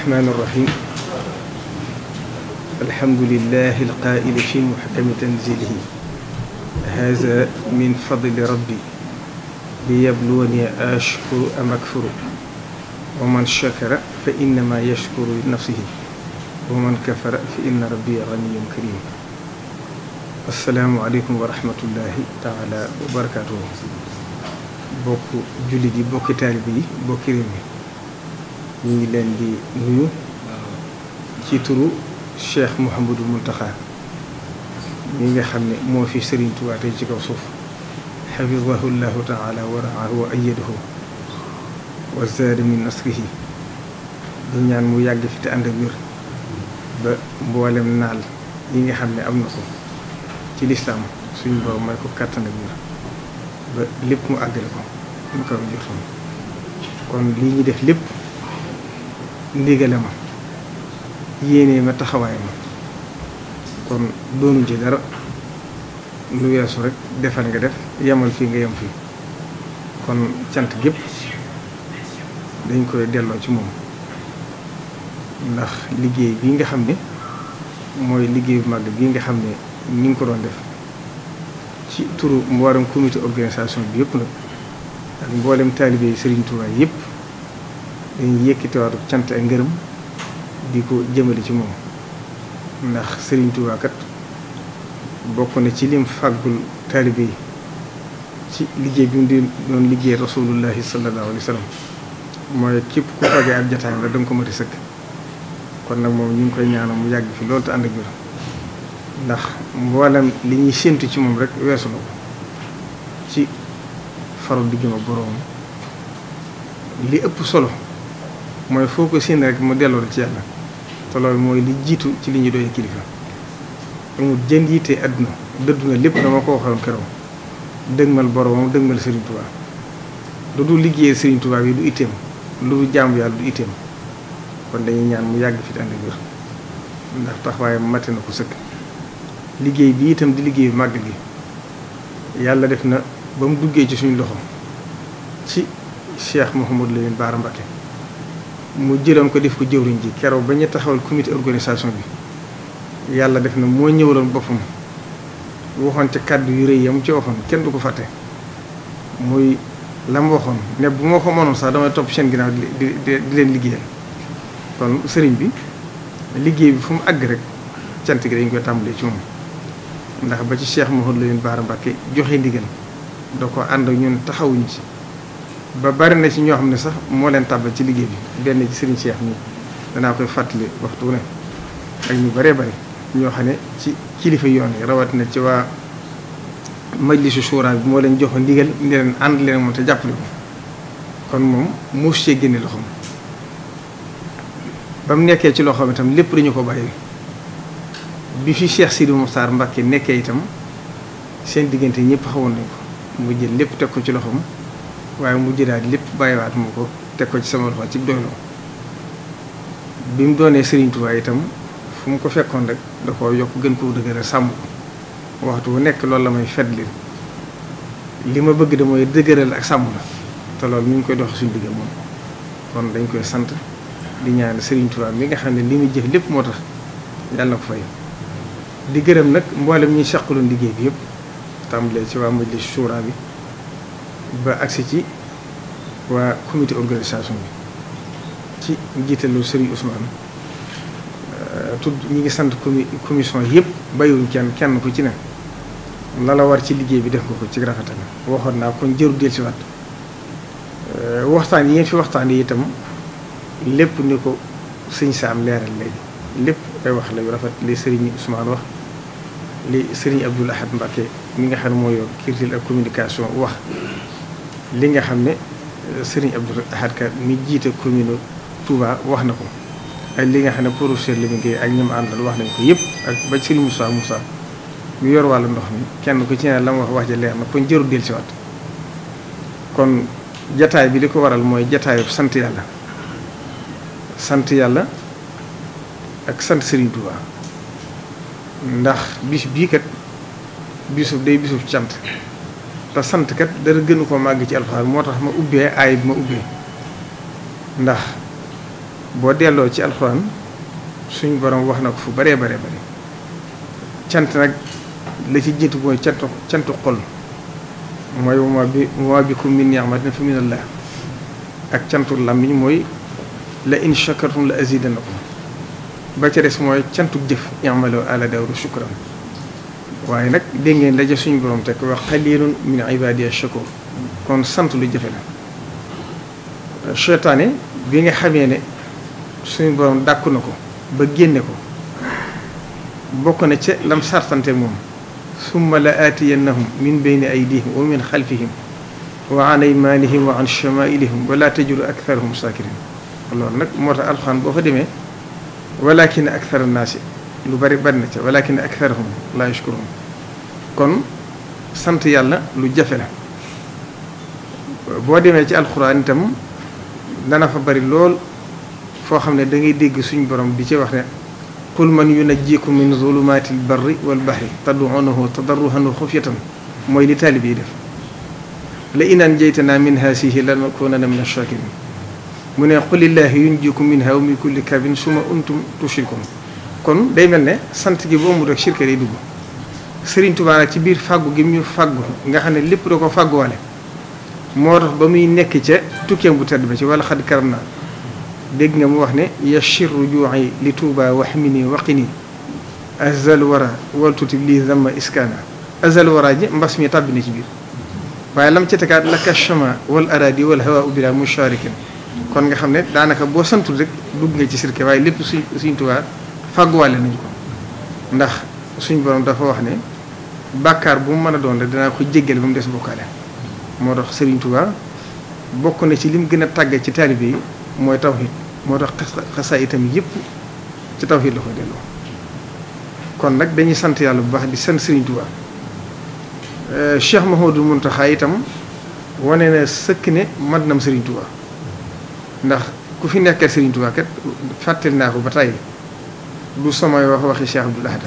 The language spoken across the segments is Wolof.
الرحمن الرحيم الحمد لله القائل في محكم تنزيله هذا من فضل ربي ليبلوني أشكر أم أكفر ومن شكر فإنما يشكر لنفسه ومن كفر فإن ربي غني كريم asalaamualeykum wa rahmatullahi taala wa barakaatu bokk jullit yi bokki taalibe yi bokki réew mi ñu ngi leen di nuyu ci turu Cheikh Mouhamadou Mountakha mi nga xam ne moo fi Serigne Touba tey ci kaw suuf xafidahu llahu taala wa raahu wa ayadahu wa zaada min nasrihi di ñaan mu yàgg fi te ànd ba mboolem naal yi nga xam ne am na ko ci lislaam suñ borom may ko kàttan ak ba lépp mu àggale ko mu kaw njortam kon lii ñu def lépp ndigale ma yéene ma taxawaay ma kon doonu ci dara lu weesu rek defal nga def yemal fii nga yem fii kon cant gépp dañ koy delloo ci moom ndax liggéey bii nga xam ne mooy liggéey bu mag bii nga xam ne ni nga ko doon def ci turu mu waram comité organisation bi yëpp nag mboolem taalibe Serigne Touba yëpp dañuy yëkkatiwaatu cant ko jëmale ci moom ndax Sëriñ Tuubaa bokk na ci lim fàggul taalibe yi ci liggéey bi mu di liggéey rasulullahi sallallahu alayhi wa sallam mooy képp ku fagee ko mati sëkk kon nag moom ñu ngi koy ñaanal mu yàgg fi loolu te ànd ak biir ndax mboolem li ñuy séentu ci moom rek weesu na ko ci faru diggam ak boroom li ëpp solo mooy foo ko séen rek mu delloo ci yàlla te loolu mooy li jiitu ci li ñuy doyee kilifa amul jën yitte àdduna dëddu na lépp dama ko waxoon keroog dëgmal boromam dëgmal Serigne Touba lu du liggéeyee Serigne tubaab yi du itteem lu du jaamu yàlla du itteem kon dañuy ñaan mu yàgg fi ànd ak ndax taxawaayam mate na ko sëkk liggéey bi itam di liggéeyu màgg gi yàlla def na ba mu duggee ci suñu loxo ci Cheikh Mouhamadou Lamine Bara Mbacké mu jëloon ko def ko jëwriñ ji keroog ba ñu taxawal comité organisation bi yàlla def na moo ñëwaloon boppam waxoon ci kàddu yu rëy ya mu ci waxoon kenn du ko fàtte mooy la mu waxoon ne bu ma ko mënoon sax damay topp seen ginnaaw di di di leen liggéeyal kon sëriñ bi liggéey bi fu mu àgg rek cant gi dañ koy tàmbalee ci moom ndax ba ci Cheikh Mouhamadou Lamine Bara Mbacké joxe ndigal da ko ànd ak ñun taxawuñu ci ba bari na ci ñoo xam ne sax moo leen tàbbal ci liggéey bi benn ci Serigne seex mi danaa koy fàttali waxtu ne ak ñu bëree bëri ñoo xam ne ci kilifa yoon yi rawat na ci waa majlisu suuraa bi moo leen jox ndigal ne leen ànd leen moom te jàppale ko kon moom muus see génne loxoom ba mu nekkee ci loxoom itam lépp dañu ko bàyyi bi fi si Sidi Mokhtar mbakki nekkee itam seen diggante ñëpp xawoon nañ ko mu jël lépp teg ko ci loxoom. waaye mu jëlaat lépp bàyyiwaat mu ko teg ko ci sama loxo ci doyloo bi mu doonee Serigne Touba itam fu mu ko fekkoon rek da ko yokk gën koo dëgëral sàmm ko waxtu bu nekk loolu la may fetli li ma bëgg de mooy dëgëral ak sàmm la te loolu mi ngi koy dox suñu digg moom kon dañ koy sant di ñaan Serigne Touba mi nga xam ne li muy jëf lépp moo tax yàlla na ko fay di gërëm nag mboolem ñi saqaloon liggéey bi yëpp tàmbalee ci waa majlis suura bi. ba agsi ci waa comité organisation bi ci njiitalu Serigne Ousmane euh, tudd ñi ngi sant comi commission yëpp bayuñ kenn kenn ku ci ne la la war ci liggéey bi def nga ko ci rafetal waxoon naa kon jëru del si waat euh, waxtaan yi ngeen fi waxtaan yi itam lépp ni ko sëñ Saam leeral léegi lépp ay wax la yu rafet li sëriñ Ousmane wax li Serigne Abdoul Ahad Mbacké mi nga xam ne mooy yor kirtil ak communication wax li nga xam ne euh, Serigne Abdou Ahad Ka mi jiite commune Touba wax na ko ak li nga xam ne professeur li mu géey ak ñi mu àndal wax nañ ko yëpp ak ba Serigne Moussa Moussa mu yor wàllu ndox mi kenn ku ci ne la mu wax wax ja leer na kon jëru del si wat kon jataay bi di ko waral mooy jataayu sant yàlla sant yàlla ak sant Serigne Touba ndax bis bii kat bisub day bisub cant te sant kat dara gënu ko màgg ci alxuraan moo tax ma ubbee aay bi ma ubbee ndax boo delloo ci alxuraan suñ borom wax na ko fu baree bare bare cant nag la ci jiitu mooy cantu cantu xol mooy bi wa maa bikum min ni'matin fa minallah ak cantu làmmiñ mooy la in shakartum la azidannakum ba ca des mooy cantu jëf i'malu ala daawuda shukran waaye nag dégg ngeen daje suñu borom teg wax xaliilun min ibaadiya shakuur kon sant lu jëfe la seytaane bi nga xamee ne suñu borom dàkku na ko ba génne ko bokk na ci lam sartante moom summa la aatiyannahum min bayni aydihim wa min xalfihim wa an aymanihim wa an chamailihim wala ak aktharahum sakirin loolu nag moo tax alxuraan boo fa demee walakin akthar annaasi lu bari bari na ca walakin aktharuhum la yashkurun kon sant yàlla lu jafe la boo demee ci alxuraan itam dana fa bari lool foo xam ne da ngay dégg suñ borom bi ci wax ne qul man yunajjikum min zulumaati albarri walbahri tad'uunahu tadarruhan wa xufyatan mooy li taalib yi def la in anjaytanaa min haasihi lanakuunanna min ash-shaakiriin mu ne qul illaahi yunjikum minhaa wa min kulli kaabin summa antum tushrikuun kon day mel ne sant gi bu amul rek shirka day dugg Serigne Touba nag ci biir fàggu gi ñu fàggu nga xam ne lépp da ko fàgguwale moo tax ba muy nekk ca tukkeem bu tedd ba ci wala xad karam naa dégg nga mu wax ne yashirru juuxi li Touba waxmini waqini azal wara wal tutib lii zamma iskana azal wara ji mbas mi tàbbi na ci biir waaye lam ci tekaat laka chama wal aradi wal mu ubira musharikin kon nga xam ne daanaka boo santul rek dugg nga ci sirke waaye lépp suñ suñ fagguwaale nañ ko ndax suñ borom dafa wax ne bàkkaar bu mu mën a doon rek dinaa ko jéggal ba mu des bokkaale moo tax Serigne Touba bokk na ci lim gën a tàgge ci taalibe yi mooy tawhid moo tax xasaa itam yëpp ci tawhid la ko delloo kon nag dañuy sant yàlla bu baax di sant Serigne Touba euh, Cheikh Mahoudou Mountakha itam wane na sëkk ne mat nam Serigne ndax ku fi nekkee Serigne kat fàttali naa ko ba tàyyi du samay wax waxi Cheikh Abdoul Ahad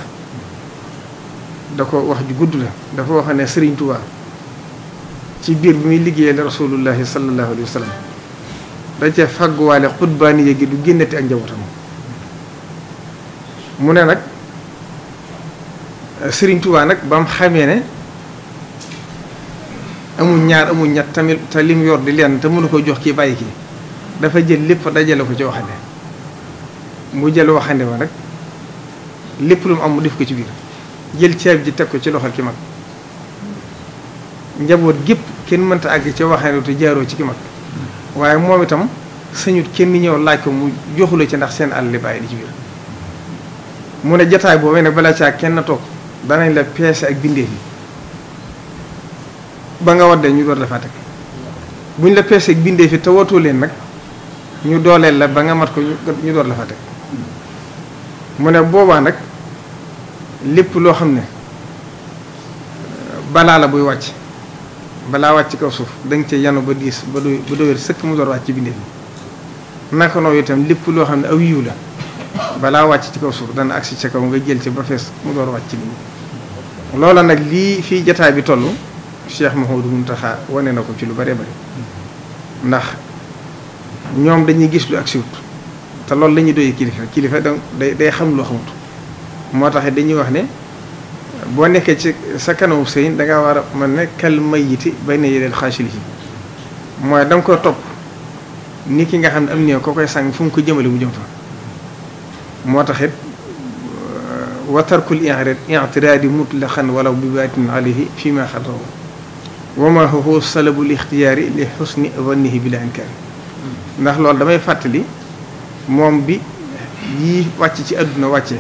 da ko wax ju gudd la dafa wax ne Serigne ci biir bi muy liggéeyal rasulullahi sallallahu alayhi wa sallam da cee fàgguwaale xutbaaniye gi du génnati ak njabootam mu ne nag sëriñtuwaa nag ba mu xamee ne amul ñaar amul ñett tamit te lim yor di leen te mënu ko jox kii bàyyi ki dafa jël lépp dajale ko ci waxande mu jël waxande ba nag. lépp lu mu am mu def ko ci biir jël ceeb ji teg ko ci loxol ki mag njaboot gépp kenn mënta àgg ca waxee te jaaroo ci ki mag waaye moom itam sañut kenn ñëw laaj ko mu joxule ci ndax seen àll li bàyyi di ci biir mu ne jataay boo nag balaa caa kenn toog danañ la peese ak bindeef yi ba nga waddee ñu la fa teg buñ la peese ak bindeef yi te watoo leen nag ñu dooleel la ba nga mat ko ñu la fa teg mu ne boobaa nag lépp loo xam ne euh, balaa la buy wàcc balaa wàcc ci kaw suuf danga cee yanu ba diis ba doy ba doyal sëkk mu door wàcc ci bindéef bi naka noonu itam lépp loo xam ne aw yiw la balaa wàcc ci kaw suuf dana agsi ca kaw nga jël ci ba fees mu door wàcc ci loola nag lii fii jataay bi toll Cheikh Mouhamadou Mountakha wane na ko ci lu bare bare ndax ñoom dañuy gis lu agsiwut te loolu lañuy ñuy kilifa kilifa donc day xam loo xamut moo tax dañuy wax ne boo nekkee ci sa kanawu sëriñ da ngaa war a mën ne kal mayiti bay na yedeel xaasili yi mooy da nga ko topp nit ki nga xam ne am néew koo koy sàng fu mu ko jëmale mu jëm fa moo tax it wa tarkul i'tiraadi mutlaqan walaw bi baatin alayhi fii ma xatahu wa ma huwa salabul ixtiyaari li xusni zannihi bila inkaar ndax loolu damay fàttali moom bi yii wàcc ci àdduna wàcce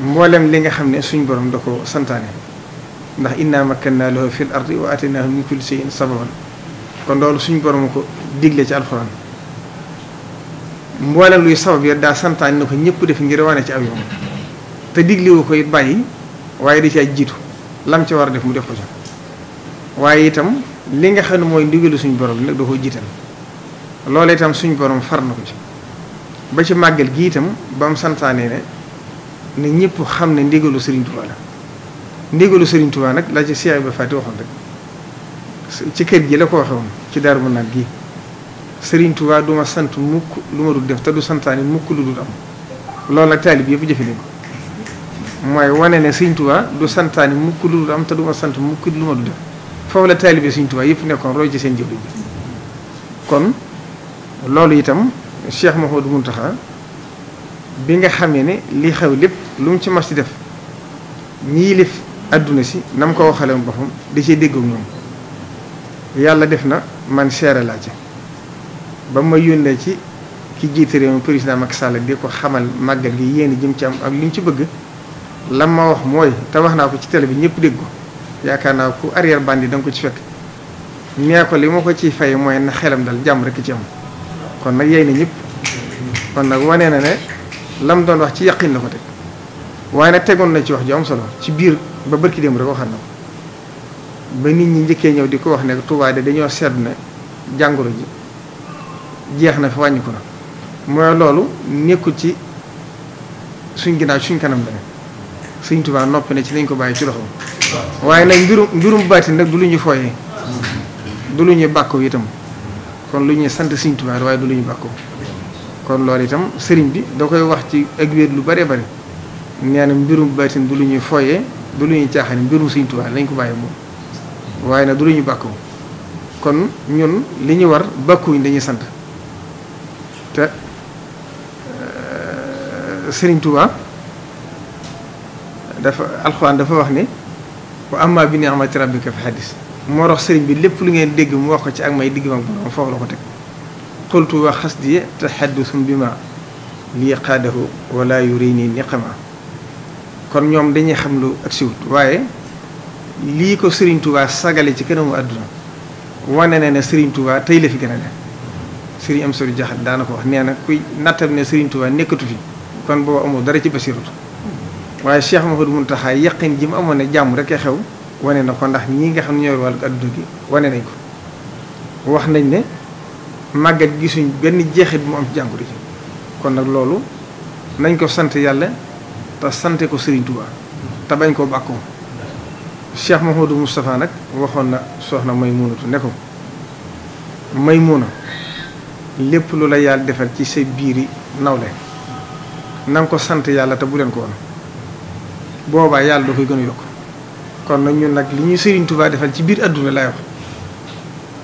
mboolem li nga xam ne suñ borom da ko santaane ndax naa inna naa lahu fil ardi wa ataynaahu min kulli shay'in sababan kon loolu suñ borom ko digle ci alxuraan mboolem luy sabab ya daa santaane na ko ñëpp def ngir wane ci aw yoon te diglewu ko it bàyyi waaye da caa jiitu lam ci war a def mu def ko ca waaye itam li nga xam ne mooy ndigalu suñ borom bi nag da koo jiital loolu itam suñ borom far na ko ci ba ci màggal gi itam ba mu santaanee ne ne xam ne ndigalu Serigne Touba la ndigalu Serigne nag la ci siyaay ba fàtte waxoon rek ci kër gi la ko waxe woon ci Darou Minane gi Serigne Touba du ma sant mukk lu ma dul def te du santaane mukk lu loolu nag taalib yëpp jëfe nañ ko wane ne Serigne Touba du santaane mukk lu am te du ma sant mukk lu ma dul def foofu la taalibe Serigne Touba yëpp nekkoon roy ci seen jëwriñ kon. loolu itam du Mouhamadou Mountakha bi nga xamee ne li xew lépp lu mu ci mas def ñii lif àdduna si na mu ko waxalee boppam da cee dégg ñoom yàlla def na man seere laa ci ba ma yónnee ci ki jiite réew mi président Macky Sall di ko xamal màggal gi yéen jëm ci am ak li mu ci bëgg lan ma wax mooy te wax naa ko ci télé bi ñëpp dégg ko yaakaar naa ku arrière bandi da nga ko ci fekk nee ko li ma ko ciy fay mooy na xelam dal jàmm rekk ci am. kon nag yey na ñëpp kon nag wanee na ne lam doon wax ci yaqin la ko teg waaye nag tegoon na ci wax ju solo ci biir ba barki démb rek waxaat na ko ba nit ñi njëkkee ñëw di ko wax nekk Touba de dañoo sedd ne jàngoro ji jeex na fi wàññiku ko na mooy loolu nekkul ci suñ ginnaaw suñ kanam la ne Sëñ Tuubaa noppi na ci lañ ko bàyyi ci loxo waaye nag mbirum mbirum baatin nag du lu ñu fooyee du lu ñu bàkkoo itam kon lu ñuy sant Sëriñ Tuubaa waaye du lu ñu bàkkoo kon loolu itam sëriñ bi da koy wax ci ak wéet lu bëree bëri nee na mbirum baatin du lu ñuy fooye du lu ñuy caaxaan mbirum Sëriñ Tuubaa lañ ko bàyyi moom waaye nag du lu ñu bàkkoo kon ñun li ñu war bàkkuñ dañuy sant te euh, Sëriñ Tuubaa dafa alxuwaan dafa wax ni ne wa amma bi ni'mati rabbika fa hadis moo tax sëriñ bi lépp lu ngeen dégg mu wax ko ci ak may digg ma borom foofu la ko teg xultu wa xasdiya taxaddusum bi ma lii xaadahu wala yuri nii niqama kon ñoom dañuy xam lu ak siwut waaye lii ko sëriñ Touba sagale ci kënamu àdduna wane na ne sëriñ Touba tey la fi gën a ne sëriñ am sori jaxat daana ko wax nee na kuy nattab ne sëriñ Touba nekkatu fi kon booba amul dara ci basiratu waaye Cheikh Mouhamadou Mountakha yaqin ji mu amoon ne jàmm rek xew wane na ko ndax ñi nga xam ne ñooy wàllu adduna gi wane nañ ko wax nañ ne màggal gisuñ benn jeexit mu am ci jàngoro kon nag loolu nañ ko sant yàlla te sante ko Serigne Touba te bañ koo bàkkoo Cheikh Mouhamadou Moustapha nag waxoon na soxna Maymunatu ne ko may Maymuna lépp lu la yàlla defal ci sa biiri nawle na nga ko sant yàlla te bu leen ko woon boobaa yàlla doo koy gën a yokk kon nag ñun nag li ñu Serigne Touba defal ci biir adduna laay wax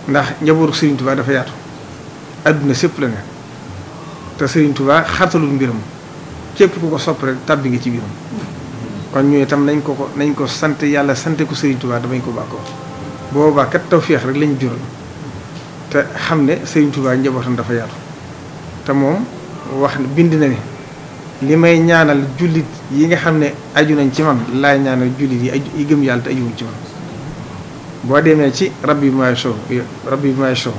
ndax njabootu Serigne Touba dafa yaatu adduna sépp la ne te Serigne tubaa xartalul mbiram képp ku ko sopp rek tàbbi nga ci biiram kon ñu itam nañ ko ko nañ ko sante yàlla sante ko Serigne Touba damañ ko bàkkoo boobaa kat tawféex rek lañu jural te xam ne Serigne Touba njabootam dafa yaatu te moom wax bind na ne. li may ñaanal jullit yi nga xam ne aju nañ ci man laay ñaanal jullit yi aju yi gëm yàlla te ajuwuñ ci man boo demee ci rabbi bi may show rabbi bi may show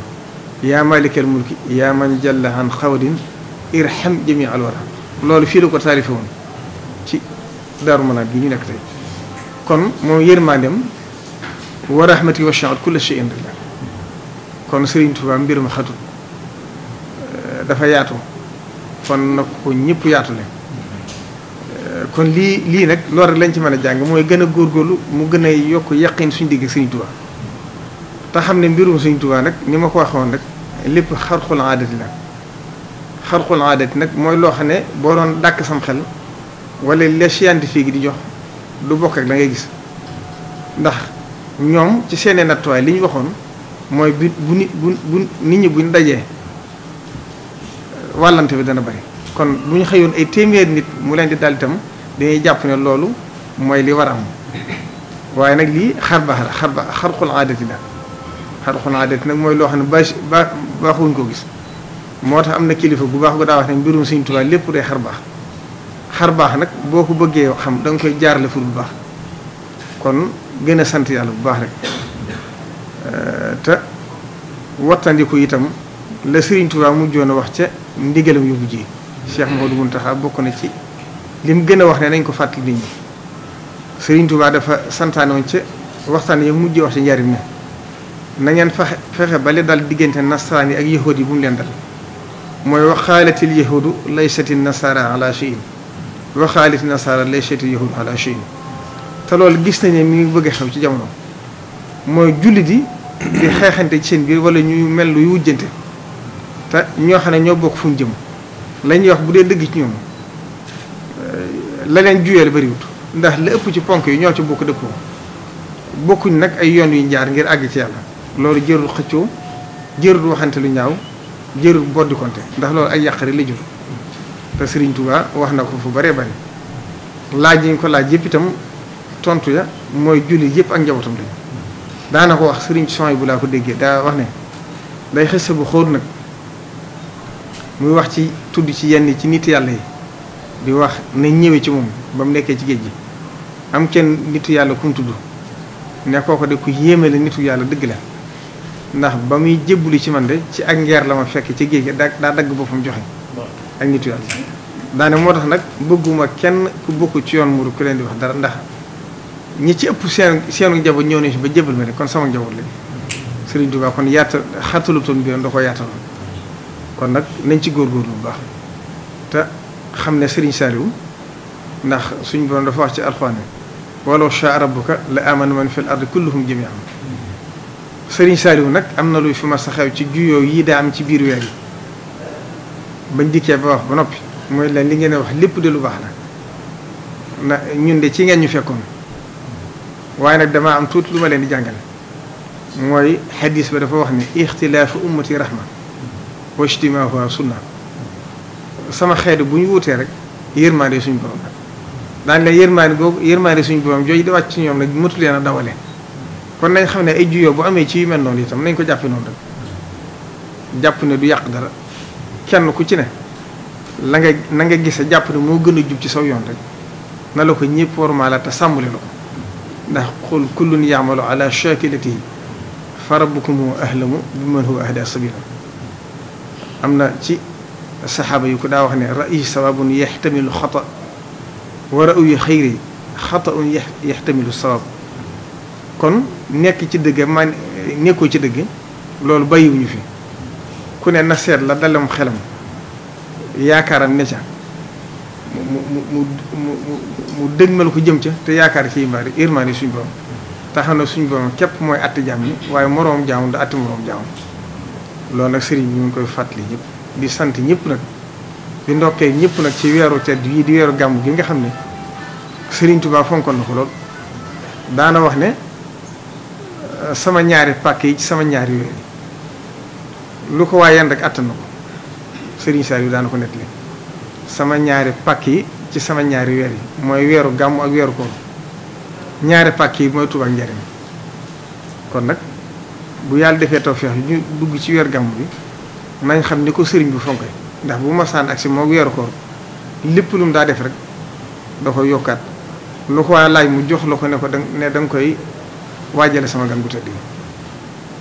yaa malikal mulki yaa man jalla an xawdin irham jami al wara loolu fii la ko taarife woon ci daaru manaat gi ñu nekk tey kon moom yërmaandeem wa rahmati wasi'at kulla shay'in kon Sëriñ Tuubaa mbir ma xatul eh, dafa yaatu kon na ko ñëpp yaatale euh, kon lii lii nag loolu lañ ci mën a jàng mooy gën a góor góorlu mu gën a yokk yaqin suñu digg suñu Tuubaa te xam ne mbirum Sëriñ Tuubaa nag ni ma ko waxoon nag lépp xarxul aadati la xarxul aadati nag mooy loo xam ne boo doon dàkk sam xel wala les gi di jox du bokk ak ngay gis ndax ñoom ci seenee nattuwaay li waxoon mooy bu bu bu nit ñi buñ dajee wàllante bi dana bari kon bu ñu xëyoon ay téeméer nit mu leen di dal itam dañuy jàpp ne loolu mooy li war a am waaye nag lii xar baax la xar baax xarxul aadati la xarxul aadati nag mooy loo xam ne ba baaxuñ koo gis moo tax am na kilifa bu baax gu daa wax ne mbirum Sëriñ Tuubaa lépp day xar baax xar baax nag boo ko bëggee xam danga koy jaarale fur bu baax kon gën a sant yàlla bu baax rek te wattandiku itam la Serigne Touba mu joon a wax ca ndigalam yu mujj Cheikh mm-hmm. Mouhamadou Mountakha bokk na ci li mu gën a wax ne nañ ko fàttali nit ñi Serigne dafa santaane ca waxtaan ya mujj wax ci njariñ na ngeen fexe fexe ba li dal diggante nasaraan yi ak yahuud yi bu mu leen dal mooy waxaalatil yahuudu laysati nasara ala cheyin waxaalati nasara laysati yahuudu ala cheyin te loolu gis nañ ne mi ngi bëgg xew ci jamono mooy jullit yi xeexante ci seen biir wala ñuy mel lu wujjante te ñoo xam ne ñoo bokk fu ñu jëm la wax bu dee dëgg ci ñoom la leen juyeel bariwut ndax la ëpp ci ponk yi ñoo ci bokk dëppoo bokkuñ nag ay yoon yu njaar ngir àgg ci yàlla loolu jërul xëccoo jërul waxante lu ñaaw jërul boddikonte ndax loolu ay yàqari la jur te Serigne Touba wax na ko fu baree bari laaj yi ñu ko laaj yëpp itam tontu ya mooy julli yëpp ak njabootam lañ daana ko wax Serigne Souhaïbou bu laa ko déggee daa wax ne day xëcc bu xóot nag muy wax ci tudd ci yenn ci nit yàlla yi di wax ne ñëwee ci moom ba mu nekkee ci géej gi am kenn nitu yàlla ku tudd ne ko de ku yéeme la nitu yàlla dëgg la ndax ba muy jébbuli ci man de ci ak ngeer la ma fekk ci géej gi daa daa dagg boppam joxe ak nitu yàlla daane moo tax nag bëgguma kenn ku bokk ci yoon muru ku leen di wax dara ndax ñi ci ëpp seen seenu njaboot ñëw nañu si ba jébbal ma ne kon sama njaboot lañ Sëriñ Tuubaa kon yaata xatalutoon bi doon da ko kon nag nañ ci góor góor bu baax te xam ne sëriñ Saliou ndax suñ borom dafa wax ci alxuraan walaw shaa rabbuka la na amana man fil ardi kulluhum jami'an Serigne Saliou nag am na lu fi ma sa xew ci juyoo yi daa am ci biir weer yi bañ dikkee ba wax ba noppi mooy leen li ngeen wax lépp de lu baax la na ñun de ci ngeen ñu fekkoon waaye nag damaa am tuuti lu ma leen di jàngale mooy xadis ba dafa wax ne ixtilaafu ummati rahma wajtimaa wa sunna sama xeetu bu ñu wutee rek yërmaande suñu borom la daañu la yërmaande googu yërmaande suñu borom jooju di wàcc ci ñoom nag mëtu leen a dawale kon nañ xam ne ay juyoo bu amee ci yu mel noonu itam nañ ko jàppee noonu rek jàpp ne du yàq dara kenn ku ci ne la nga na nga gise jàpp ne moo gën a jub ci saw yoon rek na la ko ñëpp warmaala te sàmmule la ko ndax xul kullun yaamalu ala ko mu rabbukum huwa ahlamu bi man huwa ahda sabila am na ci saxaaba yu ko daa wax ne ra'yi sababun yaxtamilu xata wa ra'yu xayri xataun yaxtamilu sabab kon nekk ci dëgg man nekkoo ci dëgg loolu bàyyiwuñu fi ku ne na seet la dalam xelam yaakaaram ne ca mu mu mu mu dëgmal ko jëm ca te yaakaar ci mbaari irmaani suñ borom taxaw na suñ borom képp mooy atti jaam yi waaye moroom jaamu da atti moroom jaamu loolu nag sëriñ bi mu koy fàttali ñëpp di sant ñëpp nag di ndokkee ñëpp nag ci weeru tedd yi di weeru gàmm gi nga xam ne sëriñ Tuubaa fonkoon na ko lool daana wax ne euh, sama ñaari pàkk yi ci sama ñaari weer yi lu ko waa yan rek ko sëriñ Saliou daana ko nettali sama ñaari pàkk yi ci sama ñaari weer yi mooy weeru gàmm ak weeru koor ñaari pàkk yi mooy Tuubaa njariñ kon nag bu yàlla defee tawfeex ñu dugg ci weer gàmm bi nañ xam ni ko sëriñ bi fonke ndax bu masaan ak si moo weeru koor lépp lu mu daa def rek da koy yokkaat lu ko waa laaj mu jox la ko ne ko da ne da nga koy waajale sama gan gu tëdd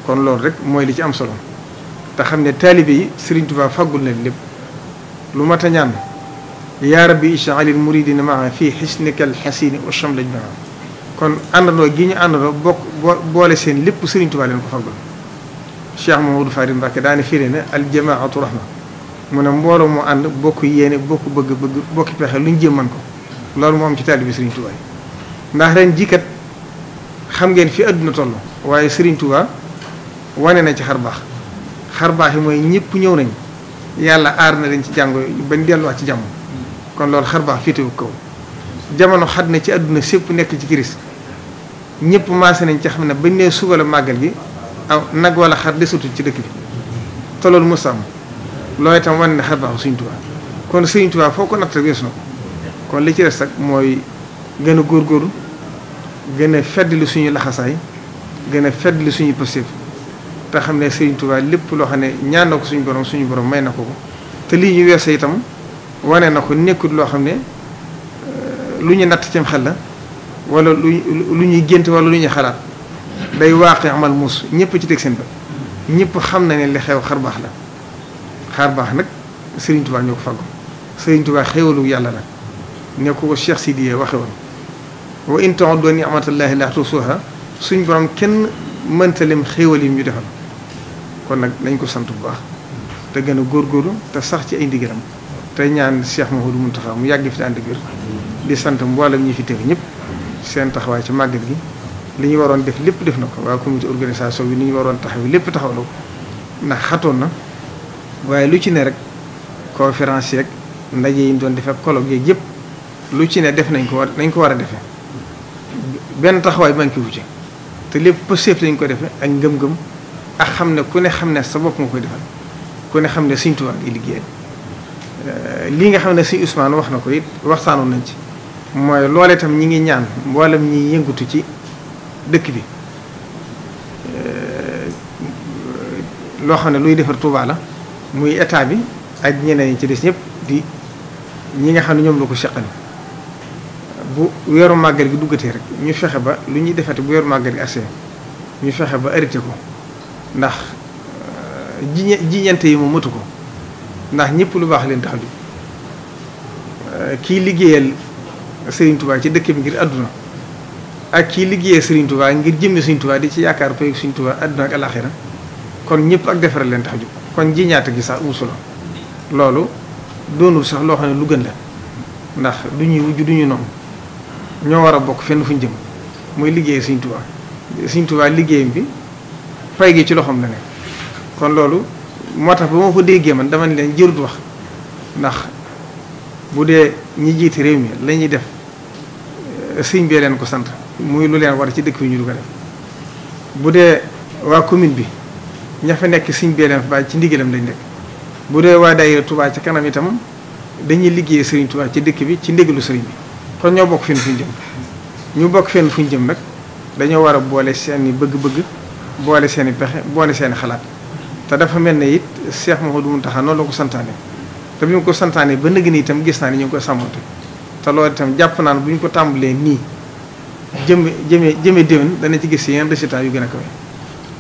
kon loolu rek mooy li ci am solo te xam ne taalibe yi Sëriñ Tuubaa faggul leen lépp lu mat a ñaan yaa rabbi ishaalil muridina maa fii xisnikal xasini wa chamlaj maa kon àndandoo gi ñu àndandoo bokk boo boole seen lépp Sëriñ Tuubaa leen ko fagul Cheikh Mamadou Farid Mbacké daane firi ne al jamaatu rahma mu ne mbooloo mu ànd bokk yéene bokk bëgg bëgg bokki pexe lu ñu jéem ko loolu moo am ci taalibe Sëriñ Tuubaa yi ndax ren jii kat xam ngeen fi àdduna toll waaye Sëriñ Tuubaa wane na ci xar baax xar baax yi mooy ñëpp ñëw nañ yàlla aar na leen ci jàngo bañ delluwaat ci jàmm kon loolu xar baax féetewu kaw jamono xadd na ci àdduna sépp nekk ci kiris ñëpp maase nañ ci xam ne bañ nee suba la màggal gi aw nag wala xar desatul ci dëkk bi te loolu mos am loolu itam wan ne xar baaxu Sëriñ Tuubaa kon Sëriñ foo ko natt weesu na kon li ci des mooy gën a góorgóorlu gën a feddli suñu laxasaay gën a feddli suñu pastéef te xam ne Sëriñ lépp loo xam ne ñaan ko suñu borom suñu borom may na ko ko te lii ñu sa itam wane na ko nekkul loo xam ne lu ñu natt cim xel la. wala lu lu ñuy gént wala lu ñuy xalaat day waaqi amal muus ñëpp ci teg seen bët ñëpp xam na ne li xew xar baax la xar baax nag Serigne Touba ñoo ko faggu Serigne Touba xéwalu yàlla la ne ko Cheikh Sidiye waxe woon wa in ta'uddu ni'matallahi la tuhsuha suñ borom kenn mënta lim xéwal yi ñu defal kon nag dañ ko sant bu baax te gën a góoru te sax ci ay ndigalam tey ñaan Cheikh Mouhamadou Mountakha mu yàgg fi ànd ak di sant mboolem ñi fi teew ñëpp. seen taxawaay ci màggal gi li ñu waroon def lépp def na ko waa comité organisation bi ni ñu waroon taxaw lépp taxaw na ko ndax xatoon na waaye lu ci ne rek conférence yeeg ndaje yi ñu doon defee kolo colloque yeeg yëpp lu ci ne def nañ ko war nañ ko war a defee benn taxawaay manqué wu ci te lépp pëseef lañ ko defee ak ngëm-ngëm ak xam ne ku ne xam ne sa bopp nga koy defal ku ne xam ne Sëñ Tuubaa di liggéey lii nga xam ne Sëñ Ousmane wax na ko it waxtaanoon nañ ci mooy loole itam ñi ngi ñaan mboolem ñi yëngatu ci dëkk bi eh, loo xam ne luy defar Touba muy état bi ak ñeneen yi ci des ñëpp di ñi nga xam ne ñoom la ko seqal bu weeru màggal gi duggatee rek ñu fexe ba lu ñuy defati bu weeru màggal gi assee ñu fexe ba arrêté ko ndax eh, ji jiñante yi moom matu ko ndax ñëpp lu baax leen tax a eh, kii liggéeyal. sëriñ tubaa ci dëkk bi ngir àdduna ak kii liggéeyee Serigne Touba ngir jëmmi Serigne Touba di ci yaakaar pay Serigne Touba àdduna ak alaxira kon ñëpp ak defaral leen tax jóg kon ji ñaata gi sax wusu la loolu doonul sax loo xam ne lu gën la ndax du ñuy wujj duñu ñu noonu ñoo war a bokk fenn fu ñu mooy muy liggéeyee Serigne Touba Serigne Touba liggéeyam bi fay gi ci loxoom la ne kon loolu moo tax ba ma ko déggee man dama leen jërut wax ndax bu dee ñi jiite réew mi la def siñ bee leen ko sant muy lu leen war ci dëkk bi ñu du ko bu dee waa commune bi ña fa nekk sëñ bee leen fa bàyyi ci ndigalam lañ nekk bu dee waa daayira Touba ci kanam itam dañuy liggéey sëriñ Touba ci dëkk bi ci ndigalu sëriñ bi kon ñoo bokk fenn fu ñu jëm ñu bokk fenn fu jëm nag dañoo war a boole seeni bëgg-bëgg boole seeni pexe boole seeni xalaat te dafa mel ne it Cheikh Mouhamadou Mountakha noonu la ko santaane te bi mu ko santaane ba nëgg ni itam gis naa ne ñu koy sàmmante te loolu itam jàpp naa ne bu ñu ko tàmbalee nii jëm jëme jëme déwén dana ci gis yeneen résultats yu gën a kawe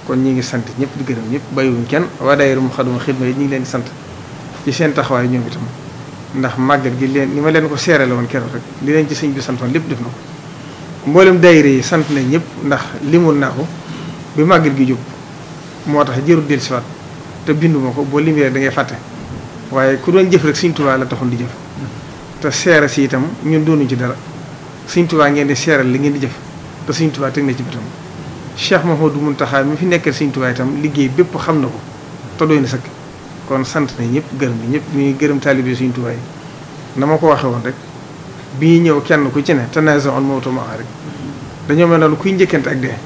kon ñi ngi sant ñëpp di gërëm ñëpp bàyyiwuñ kenn waa mu Moukhaddamatoul Khidma yi ñu ngi leen sant ci seen taxawaay ñoom itam ndax màggal gi leen ni ma leen ko seerale woon keroog rek li leen ci sëñ bi santoon lépp def na ko mboolem daayira yi sant nañ ñëpp ndax limul naa ko bi màggal gi jóg moo tax jërul dellusiwaat te bindu ma ko boo limee da ngay fàtte waaye ku doon jëf rek Sëñ Tuubaa la taxoon di jëf te seere si itam ñun doonu ci dara Sëñ Tuubaa ngeen di seeral li ngeen di jëf te Sëñ Tuubaa teg na ci bitam Cheikh Mouhamadou Mountakha mi fi nekkal Sëñ Tuubaa itam liggéey bépp xam na ko te doy na sëkk kon sant na ñëpp gërëm ñëpp ñu gërëm taalibe Sëñ Tuubaa yi na ma ko waxee woon rek bi ñëw kenn ku ci ne tanaison on mawtu ma rek dañoo mel na lu kuy njëkkante ak dee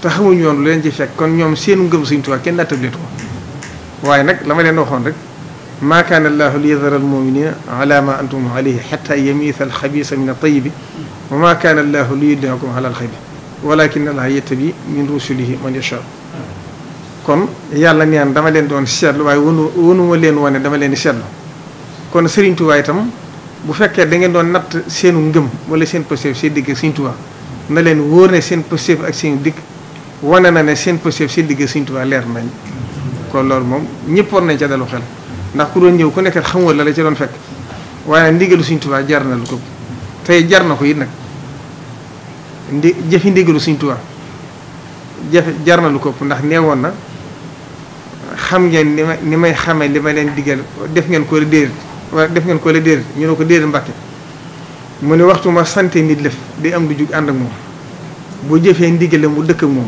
te xamuñu woon lu leen ci fekk kon ñoom seenu ngëm Sëñ Tuubaa kenn naattableetu ko waaye nag la ma leen waxoon rek maa kaana allaahu liyadara almuminina ala ma antum alayhi xata yamiisa alxabisa min altayibi wa maa kaana allaahu liyudinakum ala alxaybi walakin allaha bi min rusulihi man yasha kon yàlla neen dama leen doon seetlu waaye wanu wanuma leen wane dama leen di seetlu kon Sëriñ Tuubaa itam bu fekkee da ngeen doon natt seenu ngëm wala seen pëstéef seen digg ak na leen wóor seen pëstéef ak seen wane na ne seen pëstéef seen digg ak Sëriñ leer nañ kon loolu moom ñëpp war nañ ca dalu xel ndax ku doon ñëw ku nekk xamoo la la ca doon fekk waaye ndigalu Sëriñ Tuubaa jar na lu ko tey jar na ko it nag ndi jëfi ndigalu Sëriñ Tuubaa jafe jar na lu ko ndax neewoon na xam ngeen ni ma ni may xame li ma leen digal def ngeen ko la déedéet wala def ngeen ko la déedéet ñu ne ko déedéet Mbàkke mu ne waxtu ma sante nit lëf day am du jug ànd ak moom jëfee ndigale mu dëkk moom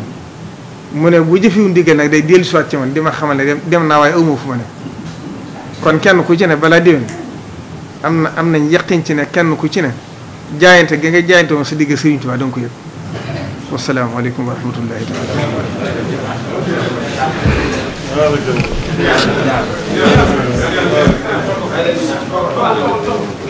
mu ne bu jëfewu ndigal nag day dellusiwaat ci man di ma xamal ne dem naa waaye awma fu ma ne kon kenn ku ci ne balaa déwén am na am nañ yaqin ci ne kenn ku ci ne jaayante gi nga jaayante woon sa digg Sëriñ Tuubaa da nga ko yëg wasalaamaaleykum wa rahmatullahi